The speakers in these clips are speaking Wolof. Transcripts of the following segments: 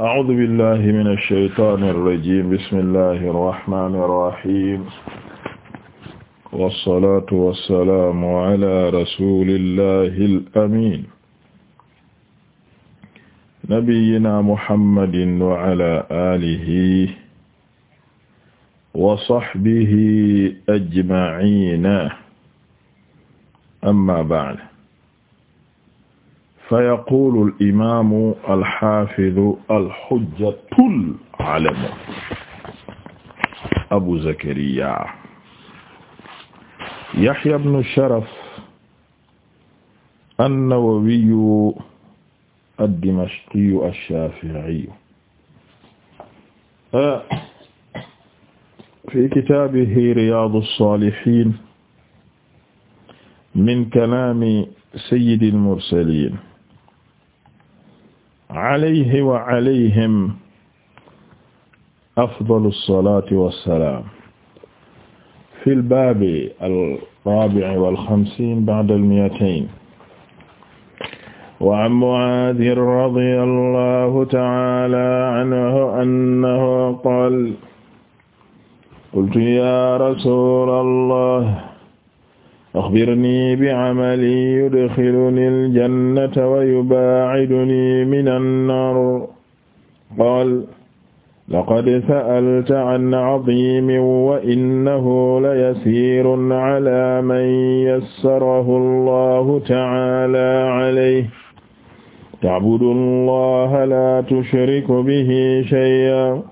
أعوذ بالله من الشيطان الرجيم بسم الله الرحمن الرحيم والصلاة والسلام على رسول الله الأمين نبينا محمد وعلى آله وصحبه أجمعين أما بعد فيقول الإمام الحافظ الحجة العلم أبو زكريا يحيى بن الشرف النووي الدمشقي الشافعي في كتابه رياض الصالحين من كلام سيد المرسلين alayhi wa alayhim afdalu salaati wa salaam fil baabi al-raabi'i wal xamsiin ba'da al-mi'atayn wa an Mu'aadh radiyallaahu ta'aalaa anhu annahu qaala qultu yaa rasuulallaah axbirnii bi'amalin yudxilunii al-jannata wa yubaacidunii mina an-naar qaala laqad sa'alta can caziimin wa innahu layasiirun calaa man yassarahu Allaahu tacaalaa calayhi tacbudu Allaaha laa tushriku bihi shay'an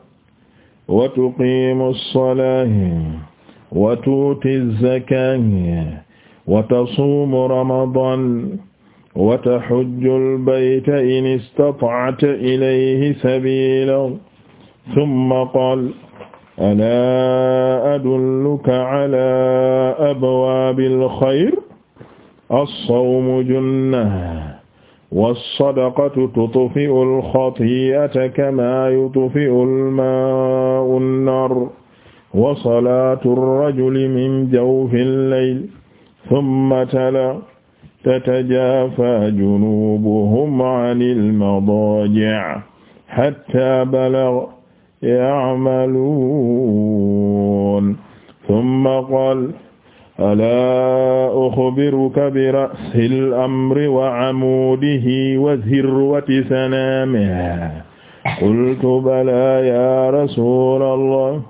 wa tuqiimu as-salaata wa tu'ti az-zakaata wa tasuumu ramadan wa tahujju albayta in istata'ta ilayhi sabiila summa qaala alaa adulluka alaa abwaabil xayr as-sawmu junna was-sadaqatu tutfi'u al-xatii'ata kamaa yutfi'u al-maa'u an-naar wa salaatu ar-rajuli min jawfi al-layl ثم تلا تتجافى جنوبهم عن المضاجع حتى بلغ يعملون ثم قال ألا أخبرك برأس الأمر وعموده وذروة سنامه قلت بلى يا رسول الله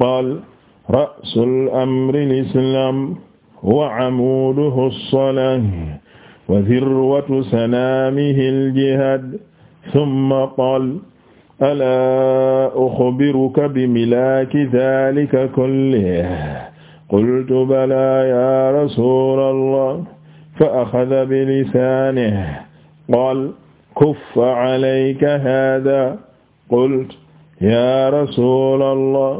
قال رأس الأمر الإسلام wa amuduhu as-salah wa dhirwatu sanamihi al-jihad thumma qala alaa ukhbiruka bimilaki dhalika kullihi qultu balaa ya rasula allah fa akhadha bilisanihi qala kuffa alayka hadha qultu ya rasula allah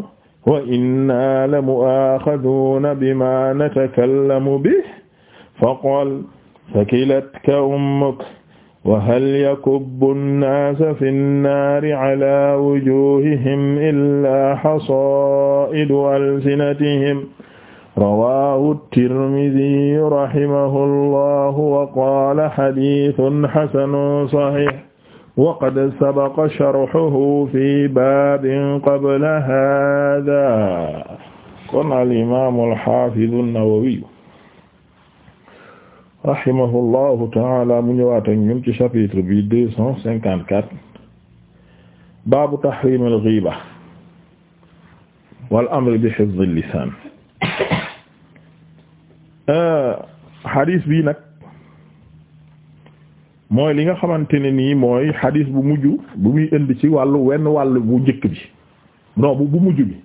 wa inna la mu'aaxaduuna bimaa natakallamu bihi faqul sakilatka ummuka wa hal yakubbu nnaasa fi nnaari alaa wujuuhihim illaa hasaa'idu alsinatihim rawaahu tirmidii rahimahullaahu wa qaala hadiisun hasanun sahiih waqad sabaqa sharhuhu fi baabin qabla haadaa kon al-imaamu al-haafidu an-Nawawi rahimahullahu ta'aala mu ñëwaat ak ñun ci chapitre bi deux cent cinquante quatre baabu tahriim al-ghiiba wal amri bi hifzi al-lisaan euh, hadis bi nag mooy li nga xamante ne nii mooy xadiis bu mujj bu muy indi ci wàllu wenn wàll bu njëkk bi non bu bu mujj bi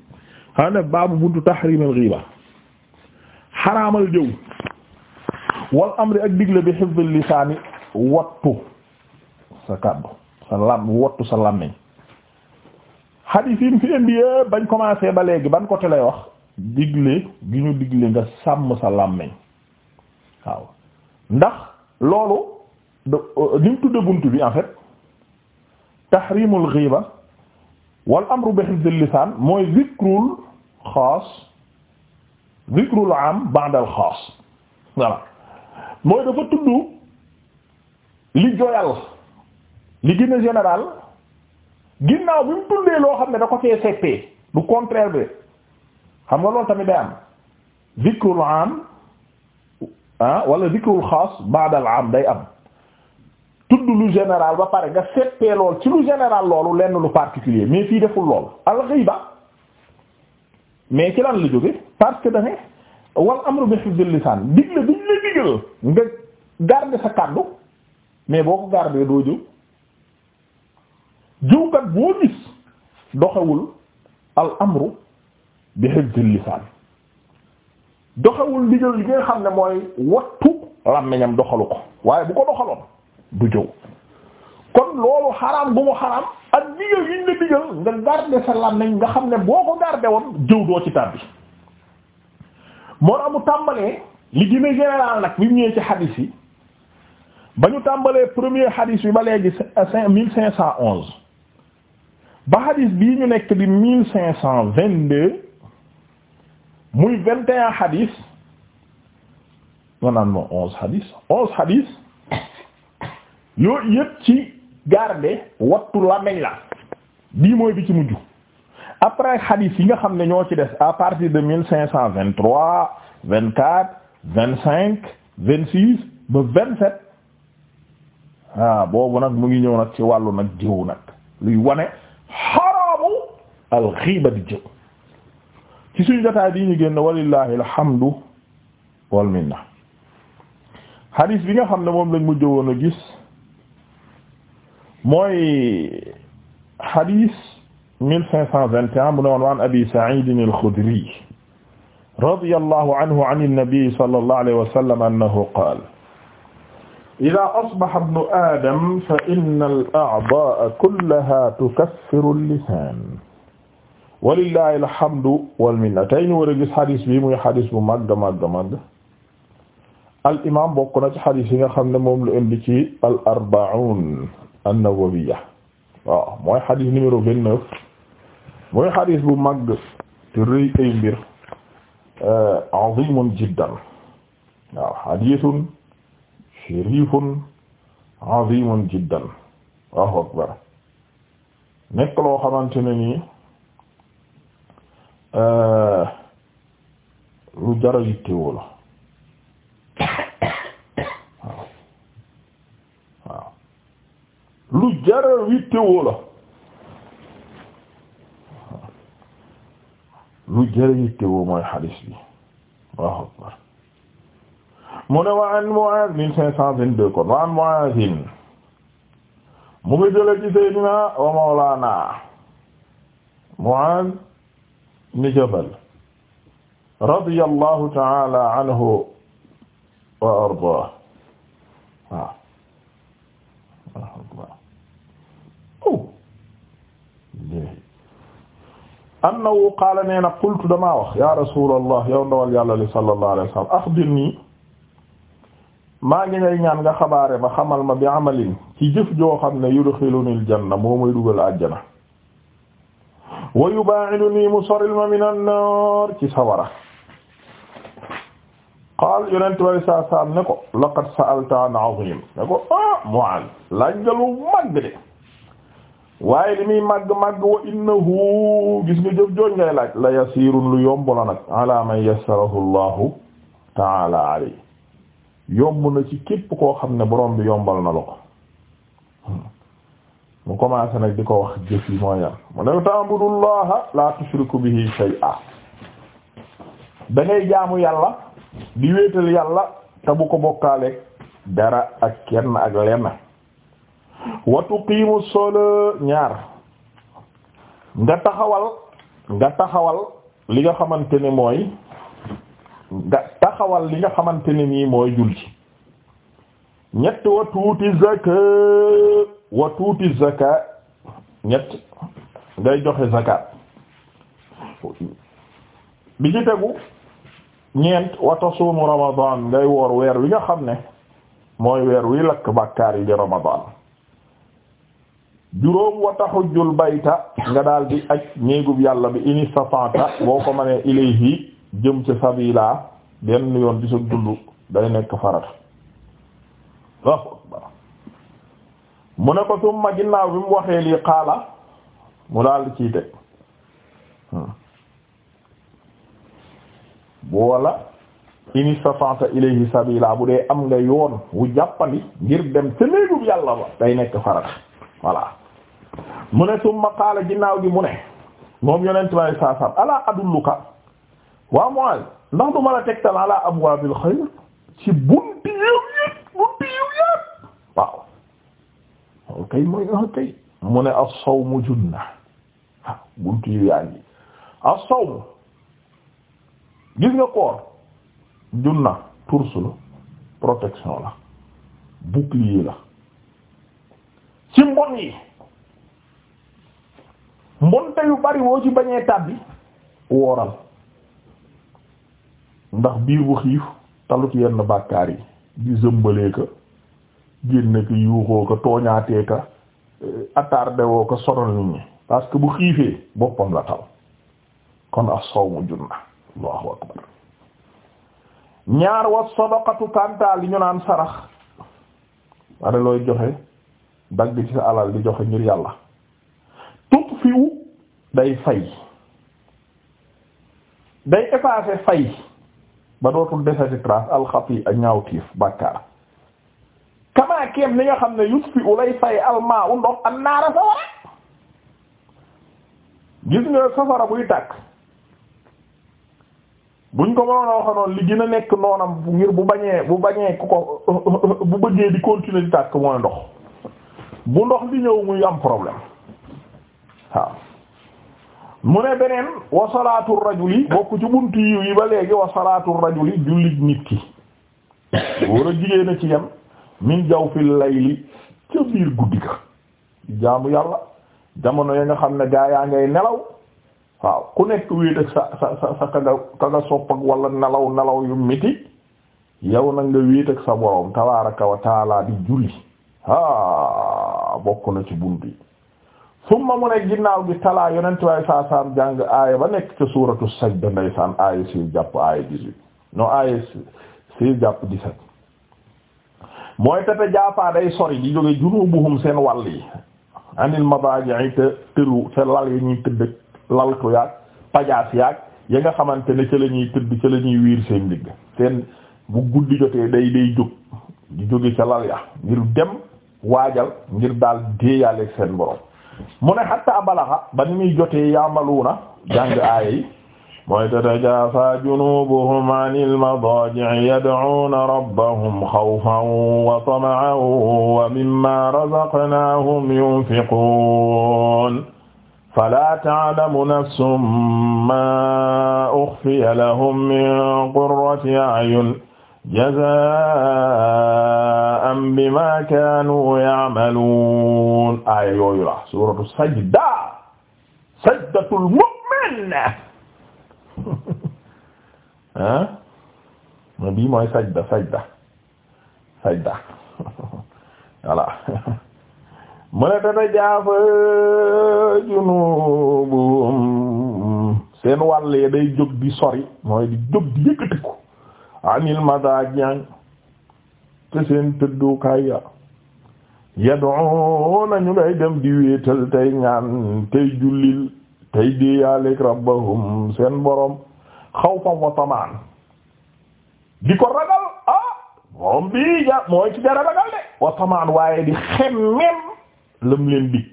xam ne baabu buntu tahrimal ghiba xaraamal jëw wal amri ak digle bi hifzil lisaani wattu sa kàddu sa lam wattu sa làmmiñ xadiis yi mu fi indi yëpp bañ commencé ba léegi ban côté lay wax digle gi ñu digle nga sàmm sa làmmiñ waaw ndax loolu Euh, ni mu tudde buntu bi en fait tahrimul ghiba wal amru bi hifdil lisaan mooy zikrul xaas zikrul am ba'dal xaas voilà mooy dafa tudd li joyal li gën général ginnaaw bi mu tuddee loo xam ne da ko fee seppee du contraire bi xam nga loolu tamit day am zikrul am ah wala zikrul xaas ba'dal am day am tudd lu général ba pare nga seppee lool ci lu général loolu lenn lu particulier mais fii deful lool al-ghiba mais ci lan la jóge parce que dane wal amru bi hifzil lisaan digle biñ la digal nga garder sa kàddu mais boo ko garder doo jëw jëwkat boo gis doxewul al amru bi hifzil lisaan doxewul digal li nga xam ne mooy wattu làmmiñam doxalu ko waaye bu ko doxaloon du jëw kon loolu xaraam bu mu xaraam ak digal yiñ la digal nga garder sa làmmiñ nga xam ne boo ko garder woon jëw doo ci tàbbi moo tax mu tàmbalee li gën a nag bi mu ñëwee ci xadiis yi ba ñu tàmbalee premier xadiis bi ba léegi cinq mille cinq cent onze ba xadiis bii ñu nekk di mille cinq cent muy vingt et un onze xadiis onze xadiis yooyu yëpp ci garder wattu làmmiñ la bii mooy bi ci mujj après xadiis yi nga xam ne ñoo ci des à partir de mille cinq cent vingt trois vingt quatre vingt cinq vingt six ba vingt sept ah boobu nag mu ngi ñëw nag ci wàllu nag jiw nag luy wane xaraamu alxiiba di jëw ci suñu jotaay bii ñu génn walillahi alhamdu wal xadiis bi nga xam ne moom lañ mu woon a gis mooy hadis mille cinq cent vingt et un mu ne woon waan abi saidin alxudri radi allahu anhu an annabi sala allah alayhi wa sallam annahu qaal ida asbaha ibnu adam fa inna al-a'daa'a kullaha tukaffiru al-lisaan walillahi alhamdu wal minna tey ñu war a gis hadis bi muy hadis bu màgg màgg màgg al imam bokk na ci hadis yi nga xam ne moom lu indi ci al arba'uun an-Nawawiyya waaw mooy xadis numéro vingt neuf mooy xadis bu màgg te rëy ay mbir euh, azimun jiddan waaw xadisun sharifun azimun jiddan waaw akbar nekk loo xamante ne nii euh, lu jara yittewoo la lu jara yittewoo la lu jara yittewoo mooy xadiis bi akbar mu ne wa an Muaaz mille cinq cent vingt-deux kon wa an Muaaz mu ngi jële ci Seydina wa Mawlaana Muaaz ni Jabal radiyallahu ta'ala anhu wa ardaah annahu qaala nee na qultu damaa wax ya rasulallah yow ndawal yàlla li sallallahu alayhi wa sallam axbirnii maa ngi ngay ñaan nga ma xamal ma bi amalin ci jëf joo xam ne yudxilunil janna moo may dugal àjjana wa yubaa'idunii mu soril ma minan ci sawara qaal yonent way saa saam ne ko laqad sa'alta an azim ne ko ah Mu'aaz laaj nga lu mag waaye li muy màgg màgg wa innahu gis nga jëf jooj ngay laaj la yasirun lu yomb la nag ala man yassarahu allahu taala alay yomb na ci képp koo xam ne borom bi yombal na la ko mu commencé nag di ko wax jëf mooy yar mu ne ta'budullaha la tushriku bihi shay'a da ngay jaamu yàlla di wéetal yàlla te bu ko bokkaaleeg dara ak kenn ak lenn wa tuqiimu sola ñaar nga taxawal nga taxawal li nga xamante ne mooy nga taxawal li nga xamante ne nii mooy julli ñett wa tuuti zaka wa ñett ngay joxe zakat bi ci tegu ñeent wa tasuumu ngay woor weer wi nga xam ne mooy weer wi lakk bàkkaar yi di ramadan juróom wa tahujjul bayta nga daal di aj néegub yàlla bi in istata'ta boo ko mënee ilayhi jëm ci sabila benn yoon di sa dund day nekk farata mu ne ko summa ginnaaw bi mu waxee lii xaala mu daal di ciy teg bu wala in sabila bu dee am nga yoon wu jàppali ngir dem ca néegub yàlla ba day nekk farata voilà mu ne summa qaala ginnaaw gi mu ne moom yonent bi alayhi salaam ala adulluka waa Mu'aaz ndax du ma la tegtal ala abwaabil xayr ci bunti yiw yëpp bunti yiw yëpp waaw loolu mu ne as-sawmu junna waaw bunti yiw yaa ngi as-sawmu gis nga koor junna tours la protection la bouclier la ci mbon yi mbonte yu bari woo ci bañee tàbbi wooral ndax biir bu xiif talut yenn bàkkaar yi di zëmbalee ka génne ko yuuxoo ko tooñaatee ka eh, attardé woo ko sonal nit ñi parce que bu xiifee boppam la tal kon as-sawmu junna allahu akbar ñaar wa sadaqatu kanta li ñu naan sarax ware looy joxe dagg ci sa alal di joxe ngir yàlla fiwu day fay day effacer fay ba dootul desati trace alxati a ñaawtiif bàkkaar kamaa keem li nga xam ne yut fi u lay fay almaa u ndox am naara safara gis nga safara buy tàkk buñ ko mënoon a noonu li gën a nekk noonam ngir bu bañee bu bañee ku ko bu bëggee di continuer di tàkk mooy ndox bu ndox li ñëw muy am problème waaw mu ne beneen wa salaatu rajuli bokk ci buntu yiw yi ba léegi wa salaatu rajuli jullit nit ki war a jigéen a ci yem min jaw fil layli ca guddi ga jaamu yàlla jamono ya nga xam ne gaa yaa ngay nelaw waaw ku nekk wéet ak sa sa sa sa ka sopp ak wala nelaw nelaw yu miti yow nag nga wéet ak sa borom tabaaraka wa taala di julli bokk na ci buntu yi summa mu ne ginnaaw gi talaa yonent waaye saa saam jàng aaya ba nekk ca suuratu sajda ndeysaan aaya six jàpp aaya jàpp mooy tata jaafaa day sori di jóge seen wàll yi anil madaaji te tëru te lal yi ñuy tëdd laltu yaag pajaas yaag ya nga xamante ne ca la ñuy tëdd ca la ñuy wiir seen ndigg seen bu guddi jotee day day jóg di jóge ca lal ya ngir dem waajal ngir daal déeyaale seen borom mu ne hatta balaxa ba ni muy jotee yaamaluuna jàng aaya yi mooy tatajaafa junubuhum anil madaaji'i yad'uuna rabbahum xawfan wa tama'an wa mimmaa razaqnaahum yunfiquun falaa ta'lamu nafsun maa uxfiya lahum min qurrati a'yun jazaa'an bimaa kaanuu ya'maluun aaya yooyu la suratu sajda mooy sajda sajda sajda voilà mu ne tatajaafa euh, junubuhum seen wàllee day jóg di sori mooy di jóg di yëkkatiku anil madaji te seen tëddukaay ya yad'una ñu lay dem di wéetal tey ñaan tey jullil tey déeyaaleeg rabbahum seen borom xawfan wa di ko ragal ah moom bii ja mooy ci dara ragal de wa waaye di xemmem lam leen dig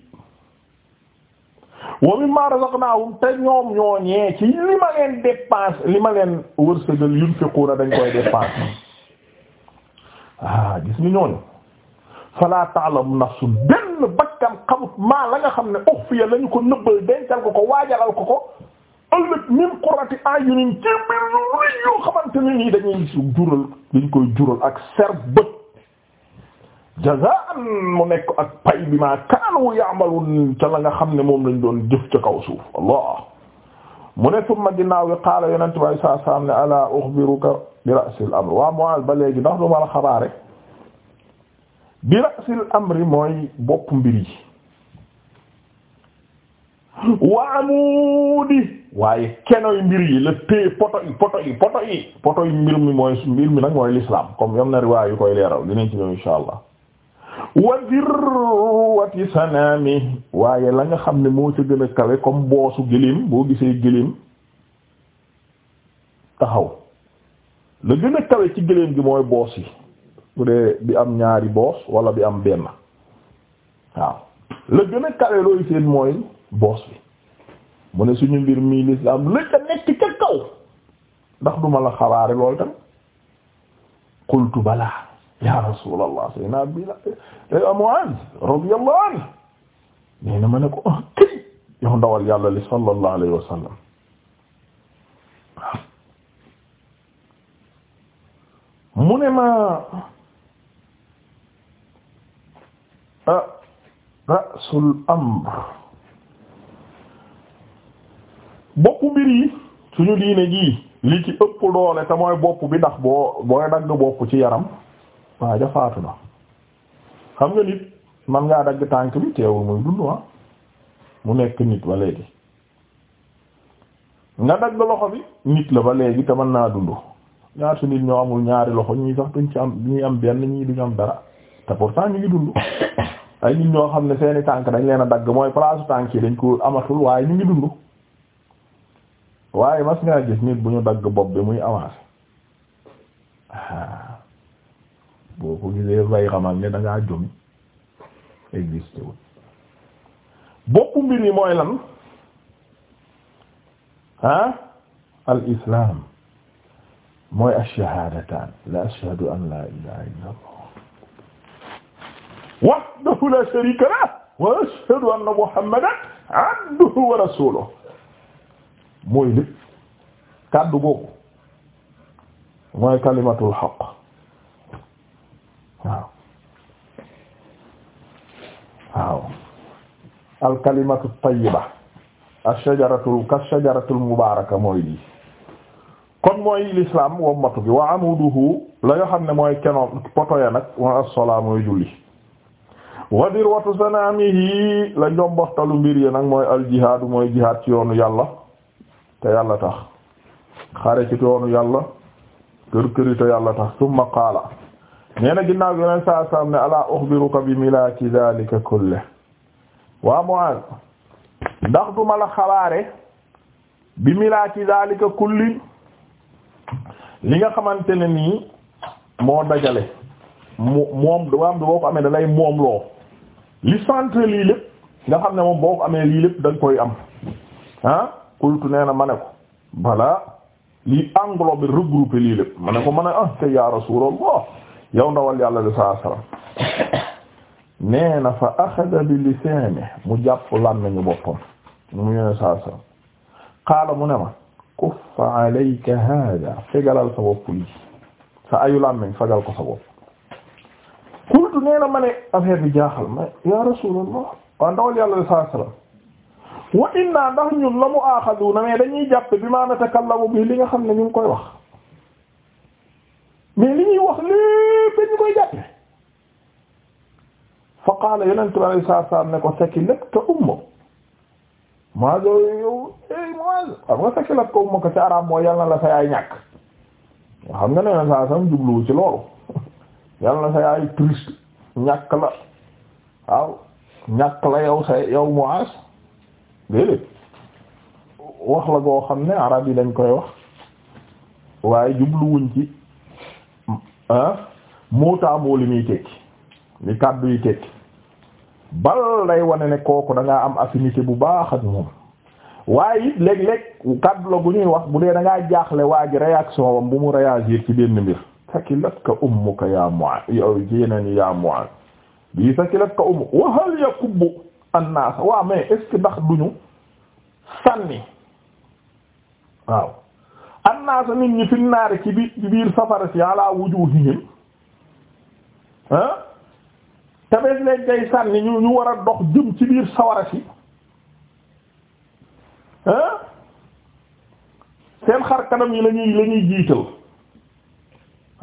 wa mimma razaqnaahum te ñoom ñooñee ci li leen dépense li leen wërsëgal yunfiquuna dañ koy dépense ah gis nga ñooñu fala ta'lamu nafsun benn bakkan xamut maa la nga xam ne ukhfiya lañu ko nëbbal dencal ko ko waajalal ko ko ëllëg min qurrati ayunin ci mbir yu rëy yoo xamante ne nii dañuy jural dañ koy jural ak ser bët jazaan mu nekk ak pay bi ma kaanu ya'malun ca la nga xam ne moom lañ doon jëf ca kaw suuf allah mu ne summa ginnaaw gi qaala yonente bi sallallahu alayhi wa sallam ne ala ukhbiruka bi ra'sil amr waa Mu'aaz ba léegi ndax du ma la xabaare bi rasil amri mooy bopp mbir yi wa amudi waaye kenoy mbir yi le té poto yi poto yi poto yi mbir mi mooy mbir mi nag mooy l'islam comme yam na riwaay koy leeral dinañ ci ñëw insha allah wa dirwati waaye la nga xam ne moo ca gën a kawe comme boosu gëléem boo gisee gëléem taxaw la gën a kawe ci gëléem gi mooy boos yi bu dee bi am ñaari boos wala bi am benn waaw la gën a kawe looy seen mooy boos bi mu ne suñu mbir mii lislaam la ca nekk ca kaw ndax duma la xabaare lool tam qultu balaa ya rasulallah sayna abdillah Muaz radiyallahu anhu nee na ma ne ko ah këy yow ndawal yàlla li sallallahu alayhi wa mu ne ma Ah, rasul amr boppu mbir yi suñu diine jii li ci ëpp doole te mooy bopp bi ndax boo booy dagg bopp ci yaram waa jafaatu na xam nga nit man ngaa dagg tànk bi teewul muy dund waa ah. mu nekk nit ba léegi nga dagg loxo bi nit la ba léegi te man naa dund ñaata nit ñoo amul ñaari loxo ñii sax duñ ci am ñii am benn ñii duñu am dara te ñu ngi dund ay nit ñoo xam ne seeni tànk dañ leen a dagg mooy place tànk yi dañ ko amatul waaye ñu ngi dund waaye mas gis nit bu ñu dagg bopp bi muy avancé ah. boo ko gisee bay xamal ne da ngaa jom wul boppu mbir yi mooy lan ah al mooy ash-shahadataan la ashhadu an la ilaha wahdahu la sharika lah wa ashhadu anna muhammadan abduhu wa rasuluhu mooy lépp kàddu googu mooy kalimatul haqq waaw waaw al kalimatu tayyiba ash-shajaratul kash-shajaratul mubaaraka mooy lii kon mooy l'islam wommatu bi wa amuduhu la yoo xam ne mooy kenoon poto ya nag wa as-salaa mooy julli wa dirwatu sanamihi la njomboxtalu mbir yi nag mooy al mooy jihaad ci yoonu yàlla te yàlla tax xare ci yoonu yàlla kër këri te yàlla tax summa qaala nee na ginnaaw yoneen saa saam ne alaa uxbiruka bi milaki dhalika kulle waa Mu'aaz ndax duma la xabaare bi milaki dhalika kulli li nga xamante ne nii moo dajale mu moom du am du boo ko amee dalay moom loo li centre lii lépp nga xam ne moom boo amee lii lépp da koy am ah kultu nee na ma ne ko balaa lii englober regrouper lii lépp ma ne ko ma ne ah te ya yow ndawal yàlla de saa salaam fa axada bi lisaani mu jàpp lan nañu boppam mu yéene saa salaam qaala mu ne ma kuffa alayka hada fegalal sa bopp lii sa ayu lan fegal ko sa bopp. qultu nee na ma affaire bi jaaxal ma ya rasulullah waaw ndawal yàlla sallallahu alayhi wa inna ndax ñun la mu aaxaduuna mais dañuy jàpp bi ma natakallamu bi li nga xam ne ñu ngi koy wax mais li ñuy wax lépp dañu koy jàppe fa qaala yonent bi alayhi salaatu salaam ne ko sakilatka ummuk Muaz yow eh Muaz xam nga sakilatka ummuk ci araab mooy yal na la sa yaay ñàkk xam nga ne saa sam jubluwu ci loolu yal na sa yaay triste ñàkk la waaw ñàkk la yow sa yow Muaz déedéet wax la goo xam ne arab yi dañ koy wax waaye jubluwuñ ci ah, mootaamoo li muy tekki li kàddu yi tekki bal lay wane ne kooku da ngaa am affinité bu baax ak moom waaye it léeg-léeg kàddu la bu ñuy wax bu dee da jaaxle waa ji réaction wam bu mu réagir ci benn mbir sakilatka ummuka ya Mu'aaz yow jéenani ya Mu'aaz bii sakilatka ummuka wa hal yakubbu annaas waaw mais est ce ndax duñu sànni waaw annaas nit ñi fi ci biir safara si ala wujuhihim ah tabes leen day sànni ñu ñu war a dox jëm ci biir sawara si ah seen xar kanam yi lañuy la ñuy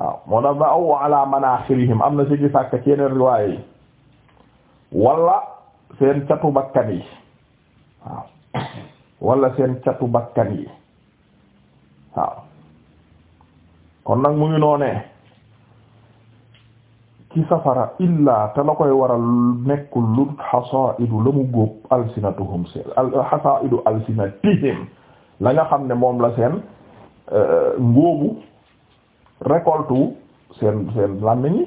waaw moo tax ba aw ala manaaxirihim am na si gi sàkk ci yeneen riwaay yi wala seen catu yi waaw wala seen catu yi waaw kon nag mu ngi noonee ci safara illaa te la koy waral nekkul lu xasaidu la mu góob alsinatihim la nga xam ne moom la seen euh, ngóobu récolte wu seen seen làmmiñ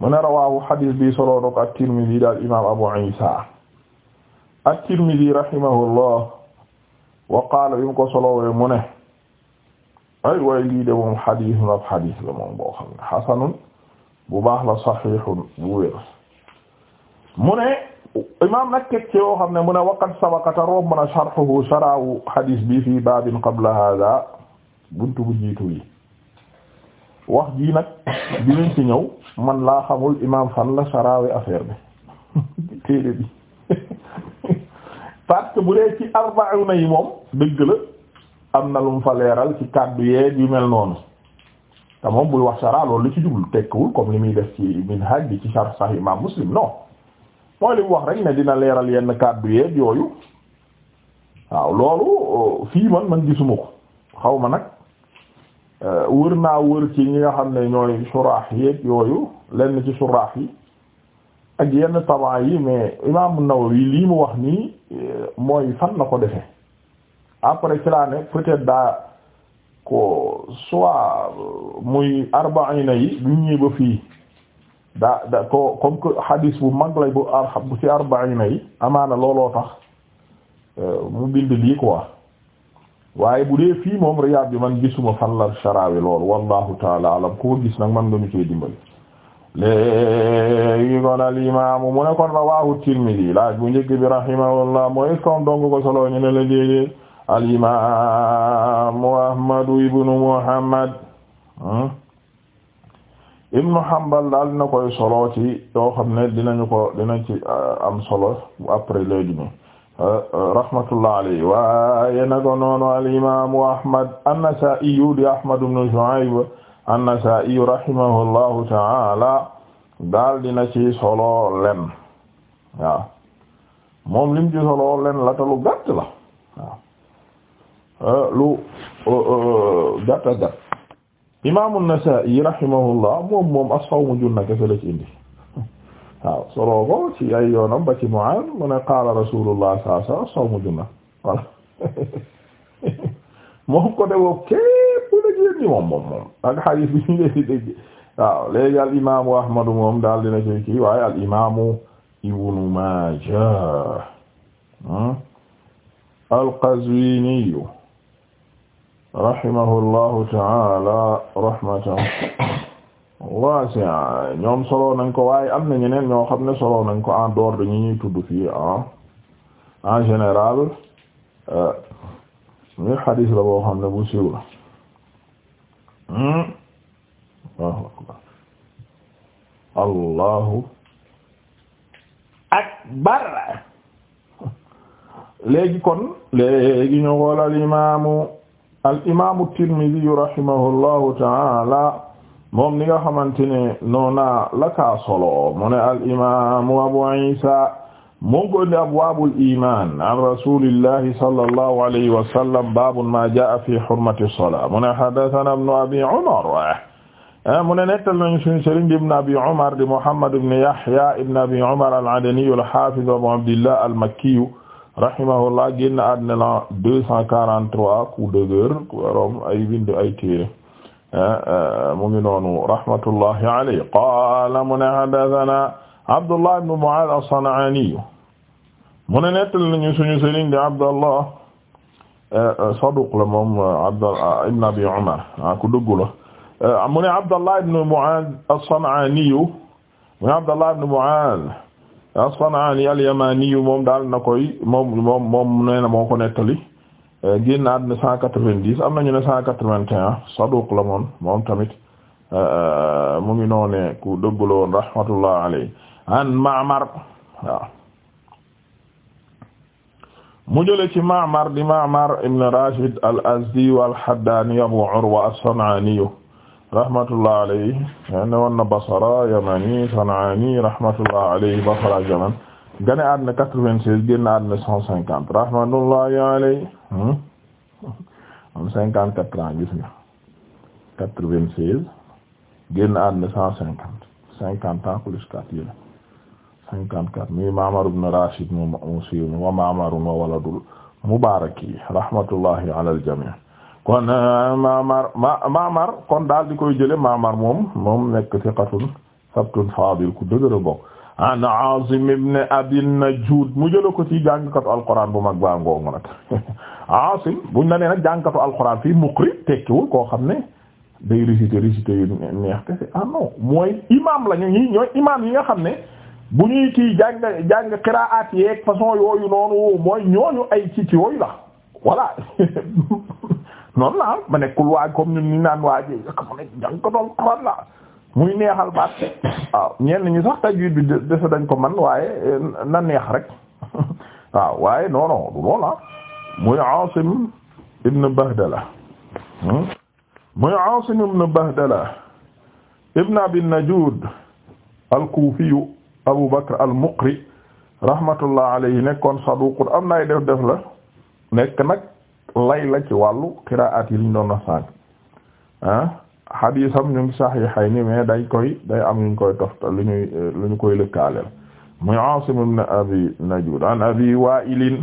rawaahu xadiis bi soloo na ko at-Tirmidhi daal imaam Abu Isa at-Tirmidhi rahimahullah wa qaala bi mu ko solowee ay way de moom xadiis na la moom boo xam ne bu baax la bu wér mu ne imaam ci yoo xam ne mu ne waqad sabaqata romb na sharhuhu bi fii baabin qabla haadaa buntu bu jiitu yi wax jii nag dinañ ci ñëw man laa xamul imam fan la sarawe affaire bi téere bi parce bu dee ci arbauna yi moom dëgg la am na lu mu fa leeral ci kàddu yeeg yu mel noonu te moom buy wax sara loolu li ci jublu tekkiwul comme li muy def ci minhaj bi ci sharh sahih imam muslim non mooy li wax rek ne dina leeral yenn kàddu yeeg yooyu waaw loolu fii man man gisuma ko xaw ma nag Euh, wër naa wër ci ñi nga xam ne ñooy suraax yeeg yooyu lenn ci suraax yi ak yenn tabaa yi mais imaam Nawawi lii mu wax nii euh, mooy fan na ko defee après ci laa ne peut-être daa ko soit euh, muy arbaina yi du ñëw ba fii daa da ko comme que hadis bu mag lay bu ar bu ci arbaina yi amaana looloo tax mu bind lii quoi. waaye bu dee fii moom Riyad bi man gisuma fan la sharaawi lool wallahu taala alam ko gis nag man lañu ci dimbali léegi kon al imaamu mu ne kon rawahu Tirmidhi laaj bu njëkk bi rahimahullah mooy kon dong ko solo ñu ne la déedéet al ibnu Muhammad hmm? ibnu Hanbal daal dina koy solo ci yoo xam ne dinañu ko dina ci uh, am solo après léegi nii rahmatullah alayhi waaye naka al imaamu Ahmad an-Nasaa'iyu di Ahmad ibn Shu'ayb an-Nasaa'iyu rahimahullahu ta'ala daal dina ci solo len waaw moom lim solo len la lu gàtt la waaw euh, lu euh, euh, gàtt a moom moom as-sawm junna kese waaw soloo ko ci ay yoonam ba ci Mu'aaz mu ne qaala Rasuulullah sallallahu alayhi wa sallam sawmu junna voilà moom ko de boobu képp la génn moom moom moom ak hadiis bi ñu leen di dégg waaw léegi al imaamu Ahmadu moom daal dina koy kii waaye al imaamu Ibnu Maajah hmm? al-Qazwiini rahimahullahu ta'aala rahmatan wasi'a ñoom solo nañ ko waaye am na ñeneen ñoo xam ne solo nañ ko en dehors de ñi tudd fii ah en général mi euh, xadis la boo xam ne bu siiw la hmm? Allahu akbar akbar léegi kon léegi ñu xool al imaamu al imaamu Tirmidhi ta'ala moom ni nga xamante ne noona la ka solo mu ne al imaamu abu isa mu ngi ko indi abwaabul iimaan an rasuulillahi sallallahu alayhi wa sallam baabun maa jaa'a fi hurmati salaa mu ne haddathanaa ibnu abi umar ah, mu ne nettal nañu sunu sëriñ ibnu abi umar di muhammad ibnu yahya ibnu abi umar al-adani al-haafiz abu abdillah al-makki rahimahullah génn àddina la 243 ku dëgër ku ay bind ay téere Eh, eh, mu ngi noonu rahmatullahi alayhi qaala mu ne haddathana Abdullah ibn Mu'adh as-San'aani mu ne nettali nañu suñu sëriñ di Abdullah eh, saduq la moom Abdullah ibn Abi Umar a ah, ku dëggu la mu ne Abdullah ibn Mu'adh as-San'aani mu ne Abdullah ibn Mu'adh as-San'aani al-Yamaani moom daal na koy moom moom moom nee na moo ko nettali Euh, génn na àddina cent am nañu ne cent quatre vingt saduq la moon moom tamit euh, euh, mu ngi noone ku dëggula woon rahmatullah alayhi an Ma'mar waaw mu jële ci Ma'mar di Ma'mar ibn Rashid al-Azdi al-Haddani Abu Urwa as-San'ani rahmatullah alayhi ne jaman gane àdduna quatre-vingt-seize cinquante rahmatullahi alayhi hmm? Ma'mar ibn Rashid mu wa Ma'marun wa waladul Mubaraki rahmatullahi ala al euh, Ma'mar Ma'mar kon daal di koy jële Ma'mar moom moom nekk thiqatun fadil ku dëgër bokk an Aasim ibn Abi Najuud mu jëla ko ci jàngkatu alquraan bu mag baa ngoongu nag Aasim buñ la nee koo xam ne day réciter neex kese ah mooy imaam lañu ñooy imaam yi nga xam ne bu ñuy kii jàng jàng qiraat yeeg façon yooyu noonu mooy ñooñu ay ci yooyu la voilà noonu la ma nekkul waa comme ñun ñu naan waa ji ak ma ne jàngkatu alquraan la muy neexal baat waaw ñenn ñi sax tajwid bi defe dañ ko man waaye na neex rek waaw waaye non non du loola ah. muy Asim ibn Bahdala hmm? muy Asim ibn Bahdala ibn Abi Najud al-Kufi Abu Bakr al-Muqri rahmatullah alayhi nekkoon saduq am na ay def def la nekk nag lay la ci wàllu qiraat yi liñ doon na sànq ah? xadiisam ñu ngi saxiixayni mais day koy day am ñu koy toftal lu ñuy lu ñu koy lëkkaaleel muy Aasim ibn Najuud an Abi Waa'il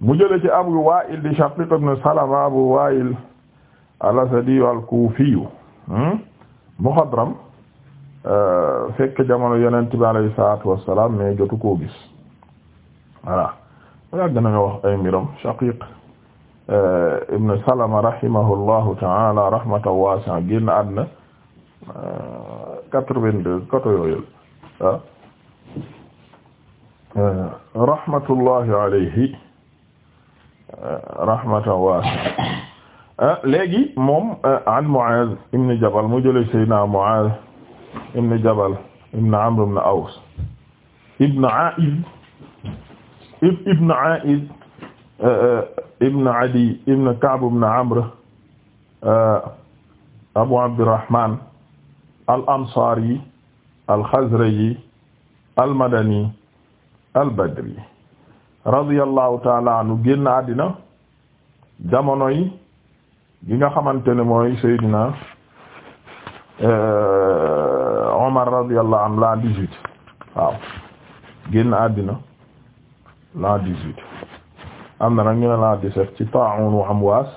mu jële ci Abu Waa'il di Shaqiiq ibn Salama Abu Waa'il al al-Kuufi hmm? muxadram euh, fekk jamono Yonent bi alayhi salaatu wa salaam mais jotu koo gis voilà yàgg na nga ay mbiram Shaqiiq ibn Salama rahimahullahu ta'ala rahmatan wasi'a génn àddina euh, quatre-vingt-deux côté yooyu ah euh, rahmatullahi alayhi euh, rahmatan wasi'a ah, léegi moom an Mu'az ibn Jabal mu jëlee Seydina Mu'az ibn Jabal ibn Amr ibn Aws ibn A'iz ibn A'iz Eh, eh, ibn Adi ibn Ka'b ibn Amr eh, Abu Abdurrahman al-Ansari al-Khazraji al-Madani al-Badri radiyallahu ta'ala anhu génn àddina jamono yi gi nga xamante ne mooy Seydina Omar radiyallahu anhu l'an dix-huit waaw génn àddina l'an dix-huit am na nag ñu ne la dix-sept ci Ta'un wa Amwas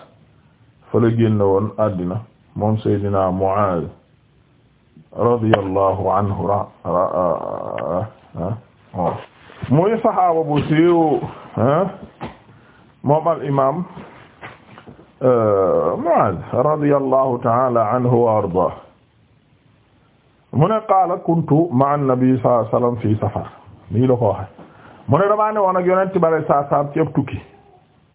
fa la génn woon àddina moom Seydina Mu'aaz radiyallahu anhu ra muy saxaaba bu siiw moom al imaam euh, Mu'aaz radiyallahu ta'ala anhu wa ardaah mu ne qaala kuntu ma'a an-nabi sallallahu alayhi wa sallam fi safar nii la ko waxe mu ne damaa ne woon ak yonent bi sallallahu alayhi tukki